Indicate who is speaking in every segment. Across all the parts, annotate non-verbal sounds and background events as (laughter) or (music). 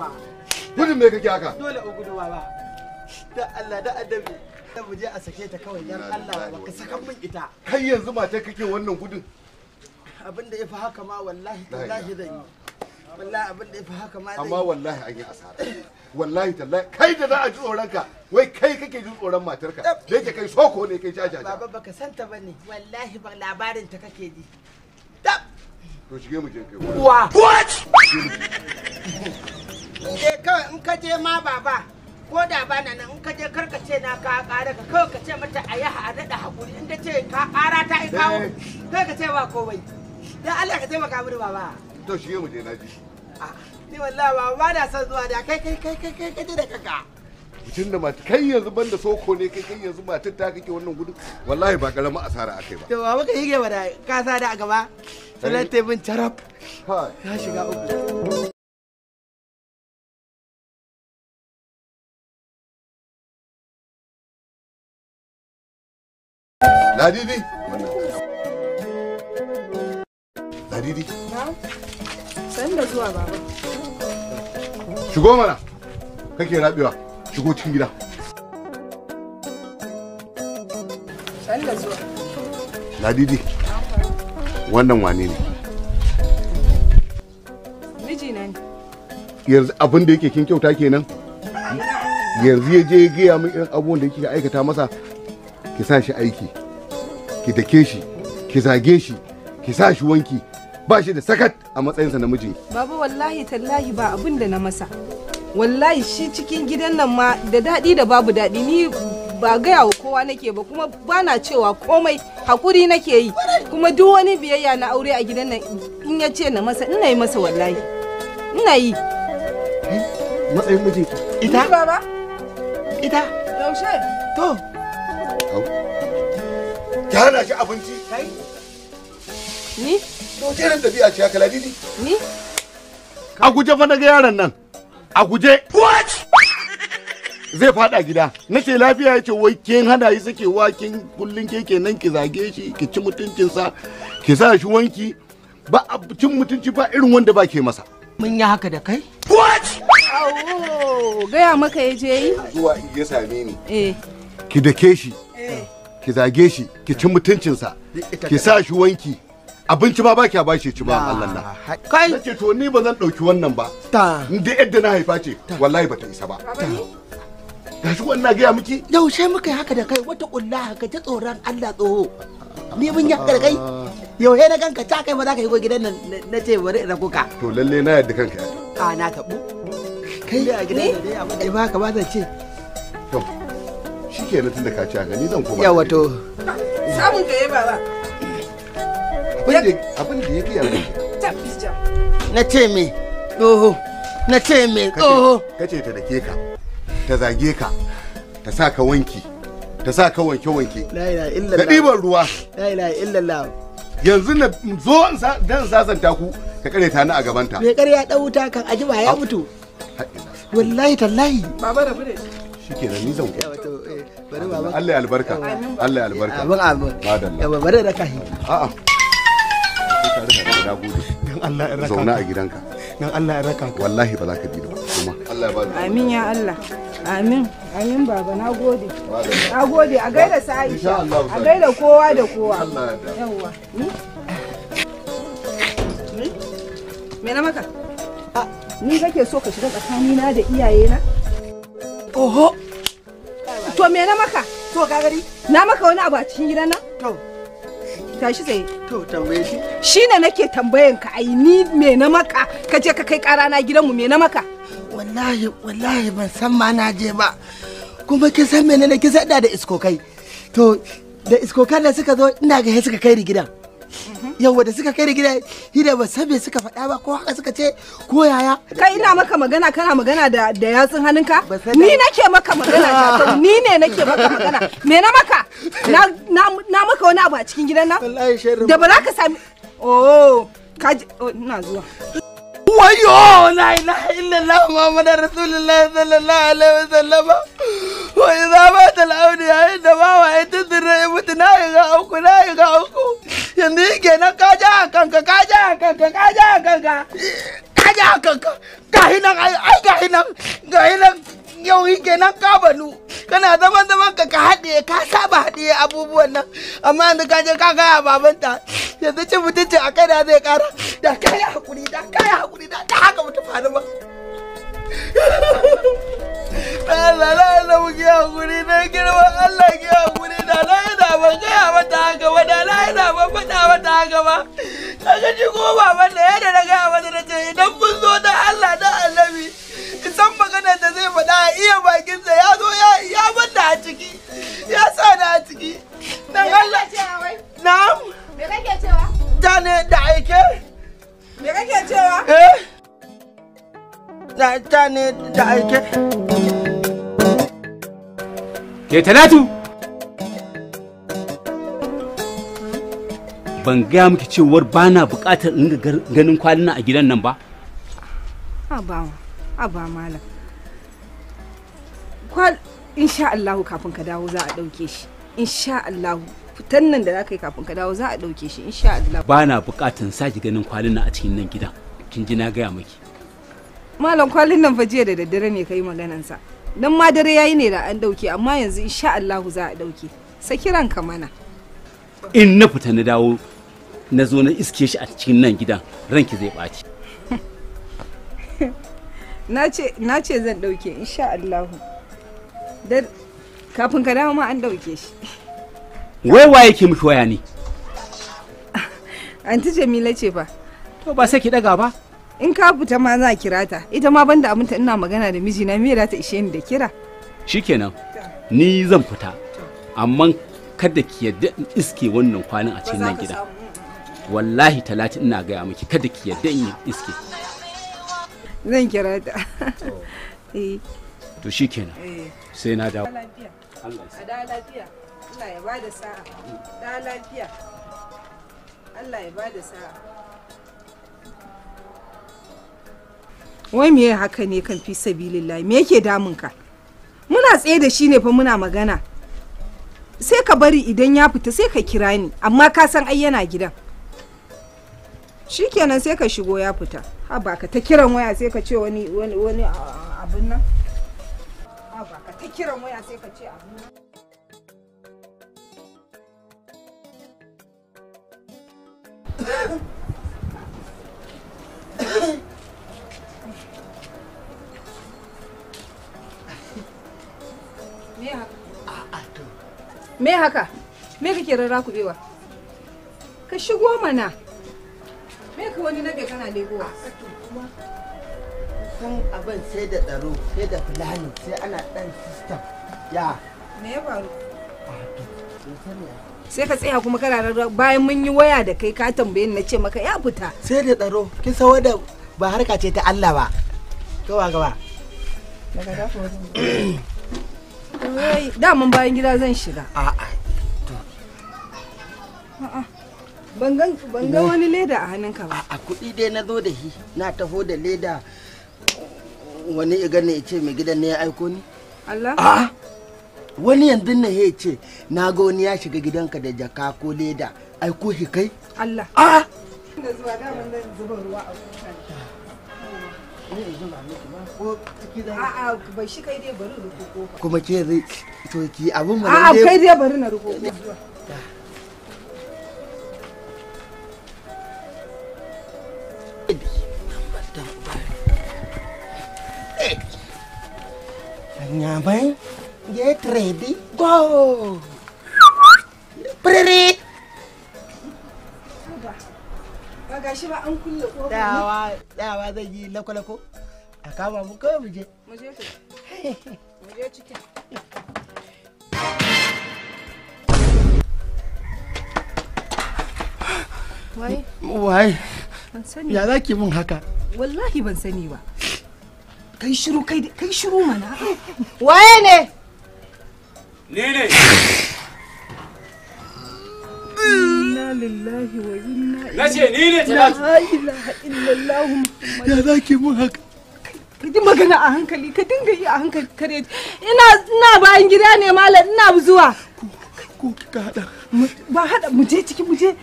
Speaker 1: guduwa gudun me kake haka dole ba da Allah da adabi da mu a ba kai da yafi haka ma kai a ji tsoron ka wai kai matarka da kai soko ne kai jajaja baba baka santa bane wallahi ba labarin ta kake
Speaker 2: Inde kawai in ka je ma baba ko da ba nan in ka je karka ce na ka ƙara ka kawai ka ce mata a yi a daɗa haƙuri in ta ce ka ƙara ta in kawo eh. kai ka ce ba komai.
Speaker 1: Dan Allah ka taimaka mini baba. To shi mu je na ji. Ah, ni wallahi baba ba na son zuwa da kai kai kai kai kai da kanka. mutum da mata kai yanzu banda soko ne kai kai yanzu matar ta kake wannan gudu wallahi ba karamin asara akai ba to ba muka yi gaba da kasa da a gaba
Speaker 3: sanar eh. ta bin carab ya shiga uku
Speaker 1: Ladidi. Ladidi.
Speaker 2: Sanin da zuwa baba.
Speaker 1: Shigo mana. Kake rabewa. Shigo cikin gida. Sanin da zuwa. Ladidi. Wannan wane ne? Mijina ne. Yanzu abin da yake kin kyauta kenan? Yanzu ya je ya gaya min irin abubuwan da yake aikata masa ki sa shi aiki. ki dake shi ki zage shi ki sa shi wanki ba shi da sakat a matsayinsa na miji
Speaker 2: baba wallahi tallahi ba abin da na masa wallahi shi cikin gidan nan ma da daɗi da babu daɗi ni ba gaya wa kowa nake ba kuma ba na cewa komai hakuri nake yi kuma duk wani biyayya na aure a gidan nan in ya ce na masa ina yi masa wallahi ina yi
Speaker 1: eh, matsayin mijinki
Speaker 2: ita ita yaushe to
Speaker 1: ki hana shi abinci ni to ke nan tafiya ce haka ladidi ni a guje fa daga yaran nan a guje what zai fada gida nake lafiya yace wai kin hana yi sake wa kin kullun ke kenan ki zage shi ki ci mutuncinsa ki sa shi wanki ba cin mutunci ba irin wanda ba ke masa mun yi haka da kai what
Speaker 2: gaya maka ya je yi
Speaker 1: zuwa ya same ni eh ki dake shi ki zage shi ki ci mutuncinsa ki sa shi wanki abinci ma ba kya ba shi ci ba Allah na ah, kai nake to ni ba zan dauki wannan ba inda yadda na haifa ce wallahi ba ta isa ba ga shi wannan ga ya miki yaushe muka yi haka da kai wata kulla haka ta tsoron Allah tsoho ni bin ya kai yaushe na ganka ta kai ba za ka yi go gidan nan na ce bari in na ka to lalle na yadda kanka a na kabu kai ne eh, ba ka ba zan ce to shike na tunda ka ci a gani zan koma yawa to
Speaker 2: samun ka yaba ba
Speaker 1: abin da ya
Speaker 2: biya
Speaker 1: na ce me Oho. na ce me tsoho kace ta dake ka ta zage ka ta sa ka wanki ta sa ka wanke wanke da ɗiban ruwa La ilaha illallah. yanzu na zo dan sasanta ku ka kare ta ni a gabanta me kare ya dau wuta kan ajiba ya mutu wallahi tallahi baba rabu ne shikenan ni zan ku Allah ya albarka Allah ya albarka abin abin madalla bari da kahi a'a Allah ya raka zauna a gidanka dan Allah ya raka wallahi ba za ka bi ba kuma
Speaker 2: Allah ya bada amin ya Allah amin amin baba na gode na gode a gaida sa'isha a gaida kowa da kowa yawa hmm? hmm? me na maka ah, ni kake so ka shiga tsakanina da iyayena oho To me na maka? To ka gari? Na maka wani abu a cikin gidan nan? To. Tashi tsaye. To tambaye shi. Shi ne nake tambayan ka ai ni me na maka ka je ka kai kara na gidanmu me na maka?
Speaker 1: Wallahi wallahi ban san ma na je ba. Kuma kin san ne kin sadda da iskokai. To da iskokan da suka zo ina ga suka kai ni gidan. yawa da suka kai da gida hida ba sabbe suka faɗa ba ko haka suka ce ko yaya kai ina maka magana
Speaker 2: kana magana da da yatsun hannunka ni nake maka magana (laughs) ni ne nake maka magana me na maka na maka wani abu a cikin gidan nan da ba za ka sami oh ka oh, ina zuwa
Speaker 1: wayo la illa Allah Muhammadu rasulullahi sallallahu alaihi wasallam wa idza mata al ya inda ba wa ita yamut na ga uku na ga uku yanzu shi kenan ka ja kanka ka ja kanka ka ja kanka ka ja kanka gahi nan ai ai gahi nan gahi nan yau shi kenan ka banu kana zaman zaman ka ka haɗe ka saba haɗe abubuwan nan amma yanzu ka je ka gaya babanta yanzu cin mutunci a kai da zai kara da kai hakuri da kai hakuri da ta haka mutu faru ba Allah la Allah mu ki hakuri na girman Allah ki hakuri da na ina ban gaya mata haka ba da na na gaba kaga ji ko baban da yadda na gaya na ce idan mun zo da Allah da annabi san maganar da zai faɗa a iya bakinsa ya zo ya ya a ciki ya sa na a ciki dan Allah
Speaker 2: me kake cewa
Speaker 1: ne da aike me kake cewa eh
Speaker 2: ta ne da aike
Speaker 3: ke talatu ban gaya miki cewar ba na buƙatar in ganin kwalina a gidan nan ba?
Speaker 2: A ba malam. Kwal, insha Allahu kafin ka dawo za a ɗauke shi. Insha Allahu. Fitan nan da za ka yi kafin ka dawo za a ɗauke shi, insha Allahu.
Speaker 3: Ba na buƙatar sake ganin kwalina a cikin nan gidan. Kin ji na gaya miki.
Speaker 2: Malam kwalin nan fa jiya da daddare ne ka yi maganansa. Nan ma dare yayi ne da an ɗauke, amma yanzu insha Allahu za a ɗauke. kiran ka mana.
Speaker 3: In na fita na dawo na zo na iske shi a cikin nan gidan ranki zai ɓaci
Speaker 2: (laughs) na ce zan ɗauke insha Allahu dan kafin ka dawo ma an ɗauke shi
Speaker 3: wai waye ke miki waya ne
Speaker 2: (laughs) anti jamila ce ba to ba sai ki ɗaga ba in ka fita ma za kira ta ita ma banda ta ina magana da mijina me za ta ishe ni da kira
Speaker 3: shikenan ni zan fita amma kada ki yadda iske wannan kwanan a cikin nan gida wallahi talatin ina gaya miki kada ki yarda in iske
Speaker 2: zan kira ta
Speaker 3: to eh. shi kenan eh. sai na dawo da
Speaker 2: lafiya Allah ya ba da sa'a da lafiya Allah ya ba da sa'a wai me haka ne kan fi sabilillahi me yake damun ka muna tsaye da shi ne fa muna magana sai ka bari idan ya fita sai ka kira ni amma ka san ai yana gidan shikenan sai ka shigo ya fita haba ka ta kiran waya sai ka ce wani wani abin nan haba ka ta kiran waya sai ka ce abin nan Me haka? Me kake rarra ku bewa? Ka shigo mana. ɗauko wani na kana lego ɗebowa. san abin sai da tsaro sai da fulani sai ana ɗan system ya. Me ya faru? sai ka tsaya kuma kana bayan mun yi waya da kai ka tambaye na ce maka ya fita sai da tsaro ki san da ba harka ce ta Allah ba to ba gaba daga dafa da mun bayan gida zan shiga a'a ban ga wani leda a hannunka ba a kuɗi dai na zo da shi na taho da leda
Speaker 1: wani iga ne ya ce mai gidan ne ya aiko ni wani yanzu ne ya ce na ga wani ya shiga gidanka da jaka ko leda aiko shi kai Allah a Kuma ke zai toki abin mara ne. bari na Nyamai, get ready, go! Pretty!
Speaker 2: ga shi ba an kulle Dawa, dawa zai yi lako-lako. A kama mu kawai mu je. Mu je (laughs) Mu je cikin. Wai?
Speaker 1: Wai? Ban sani. Ya za ki mun haka?
Speaker 2: Wallahi ban sani ba. kai shiru kai kai shiru mana waye ne ni ne inna lillahi wa inna ilaihi nace ni ne talatu la ilaha illallah ya zaki mun haka ka ji magana a hankali ka dinga yi a hankali kare ina ina bayan gida ne malam ina zuwa ko kika hada ba hada mu je ciki mu je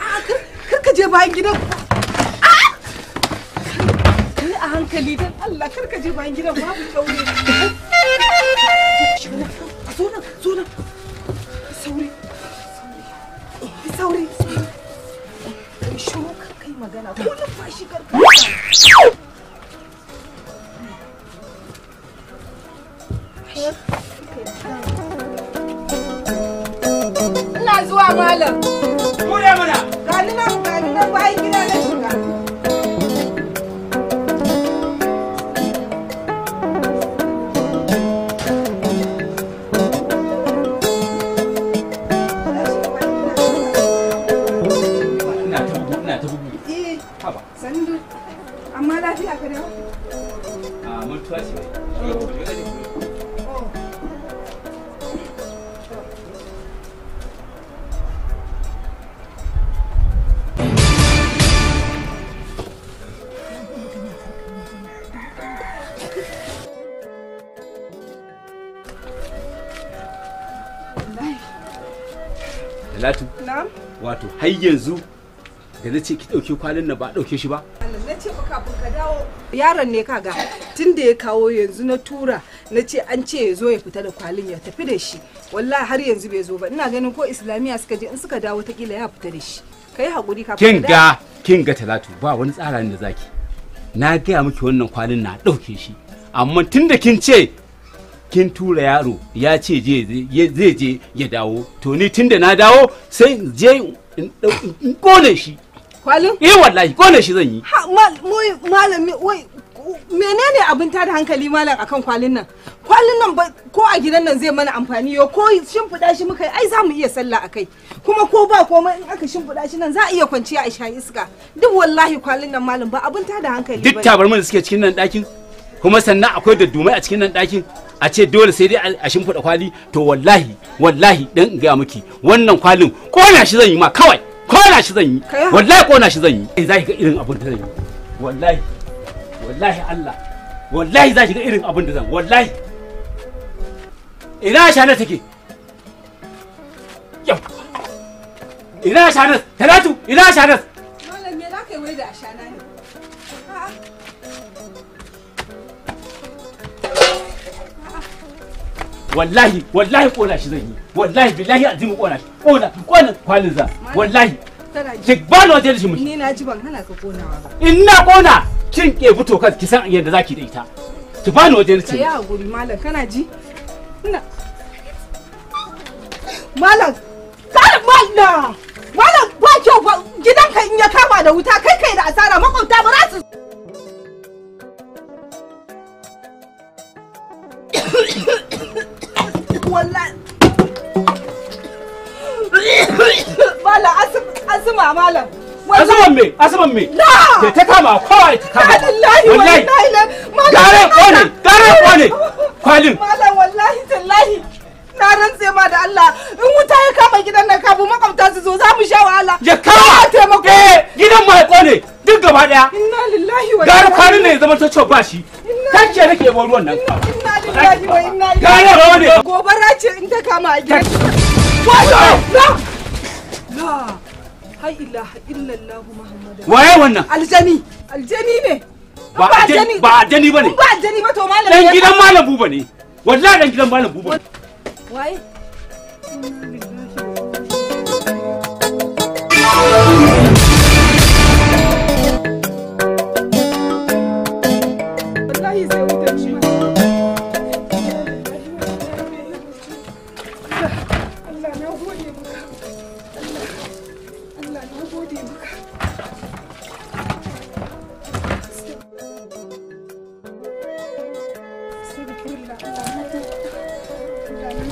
Speaker 2: ah, kar ka je bayan gidan a hankali don Allah kar ka je bayan gidan babu kyau ne. Zo nan, zo nan. Sauri. Sauri. Shuru ka kai magana ko numfashi kar ka. Ina zuwa malam. Kure mana. Ga ni nan, ga ni nan bayan gida
Speaker 3: Классе. Na'am. Wato har yanzu da na ce ki ɗauke kwalin na ba ɗauke shi ba.
Speaker 2: Na ce ba kafin ka dawo. Yaron ne kaga tun da ya kawo yanzu na tura na ce an ce ya zo ya fita da kwalin ya tafi da shi wallahi har yanzu bai zo ba ina ganin ko islamiya suka je in suka dawo ta kila ya fita da shi kai hakuri ka kin ga
Speaker 3: kin ga talatu ba wani tsara da zaki na gaya miki wannan kwalin na ɗauke shi amma tun da kin ce kin tura yaro ya ce zai je ya dawo to ni tun da na dawo sai je in kone shi kwalin eh wallahi kone shi zan yi
Speaker 2: ha malami wai menene abin ta da hankali malam akan kwalin nan kwalin nan ko a gidan nan zai mana amfani yo ko shimfiɗa shi muka ai za mu iya sallah a kai kuma ko ba komai in aka shimfiɗa shi nan za a iya kwanciya a sha iska duk wallahi kwalin nan malam ba abin ta da hankali duk tabarmar
Speaker 3: da suke cikin nan ɗakin kuma sannan akwai da dumai a cikin nan ɗakin a ce dole sai dai a shimfiɗa kwali to wallahi wallahi dan in gaya miki wannan kwalin kona shi zan yi ma kawai kona shi zan yi wallahi kona shi zan yi zai ga irin abin da zan yi wallahi wallahi Allah wallahi za shiga ga irin abin da zan wallahi ina shana take yau ina shana talatu ina shana
Speaker 2: malam me za yi wai da ashana ne
Speaker 3: wallahi wallahi kona shi zan yi wallahi billahi azimin kona shi kona kona kwalin za wallahi
Speaker 2: ki ba ni shi mutum ni na ji ban hana ka konawa ba
Speaker 3: in na kona kin ke fito kan ki san yadda zaki da ita ki bani waje ni ce
Speaker 2: ya guri malam kana ji ina malam kada malam malam ba kyau gidanka in ya kama da wuta kai kai da asara makwabta ba za su wallahi malam asuma malam asaban me
Speaker 3: asaban me ke ta kama kowa ta kama wallahi
Speaker 2: gare kone gare kone kwalin malam wallahi tallahi na rantse ma da Allah in wuta ye kama gidan nan kabu makwabta su zo za mu sha wahala
Speaker 3: ya kama taimako eh, gidan mai kone duk gaba daya
Speaker 2: inna lillahi wa gare kwanin ne
Speaker 3: zaman ta cewa shi tacce nake yabon ruwan nan inna
Speaker 2: lillahi wa inna ilaihi raji'un gobara ce in ta kama a gidan wato la la hai ilaha illallah muhammadu waye wannan aljani aljani ne
Speaker 3: ba aljani ba aljani bane ba
Speaker 2: aljani ba to malam dan gidan malam
Speaker 3: buba ne wallahi dan gidan malam buba waye